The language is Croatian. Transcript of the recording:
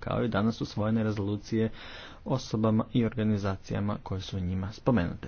kao i danas usvojene rezolucije osobama i organizacijama koje su njima spomenute.